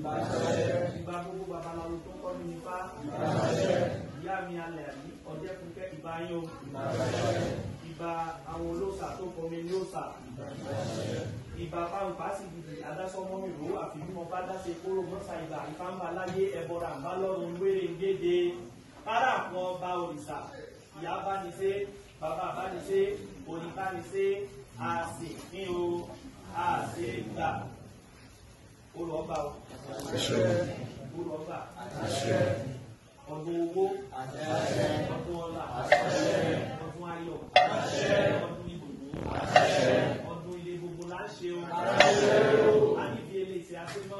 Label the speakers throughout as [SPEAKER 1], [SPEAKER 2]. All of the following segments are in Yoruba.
[SPEAKER 1] ìbá gbogbo babaláwo tó kọ́ mi nípa ìyá mi alẹ́ àbí ọjẹ́ fúnkẹ́ ìbá yín o ìbá àwọn olóòṣà tó kọ́ mi ní òòṣà ìbá pàǹpá sì dìde adásọmọ mi rò àfihàn bá dáṣe kóró mọ́sà ìbá ìfáǹbà láyé ẹ̀bọ̀rà ń bá lọ́rùn wéré ń gbéde kárà kan bá òrìṣà ìyá bá ní ṣe bàbá bá ní ṣe òní bá ní ṣe àṣì ní o àṣì gbà ọba o ìgboro ọba ọdún owó ọdún ọlá ọdún ayọ̀ ọdún ìdùnnú ọdún ilé gbogbo là ń ṣe o a nídìí eléyìí àti mọ.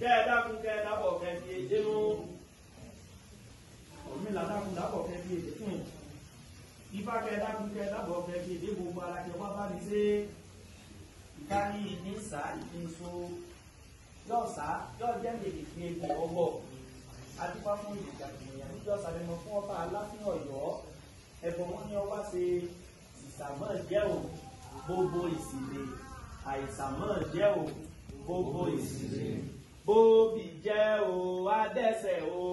[SPEAKER 1] kẹ́ ẹ dákun kẹ́ ẹ dábọ̀ kẹ́ ẹ fi èdè nù ọ̀mìnira dákun dábọ̀ kẹ́ ẹ fi èdè fún ifá kẹ́ ẹ dákun kẹ́ ẹ dábọ̀ kẹ́ ẹ fi èdè gbogbo ara kẹ́ wá bá mi ṣe ìkárí ní sá ìfinso yọ sá yọ jẹ́ mèlè fún ebi ọwọ́ adúpá fún ìjà ìgbìyànjú níjọ́ sàbẹ̀mọ́ fún ọba ò gbogbo ìsìlè bóbi jẹ́ o adẹ́sẹ̀ o.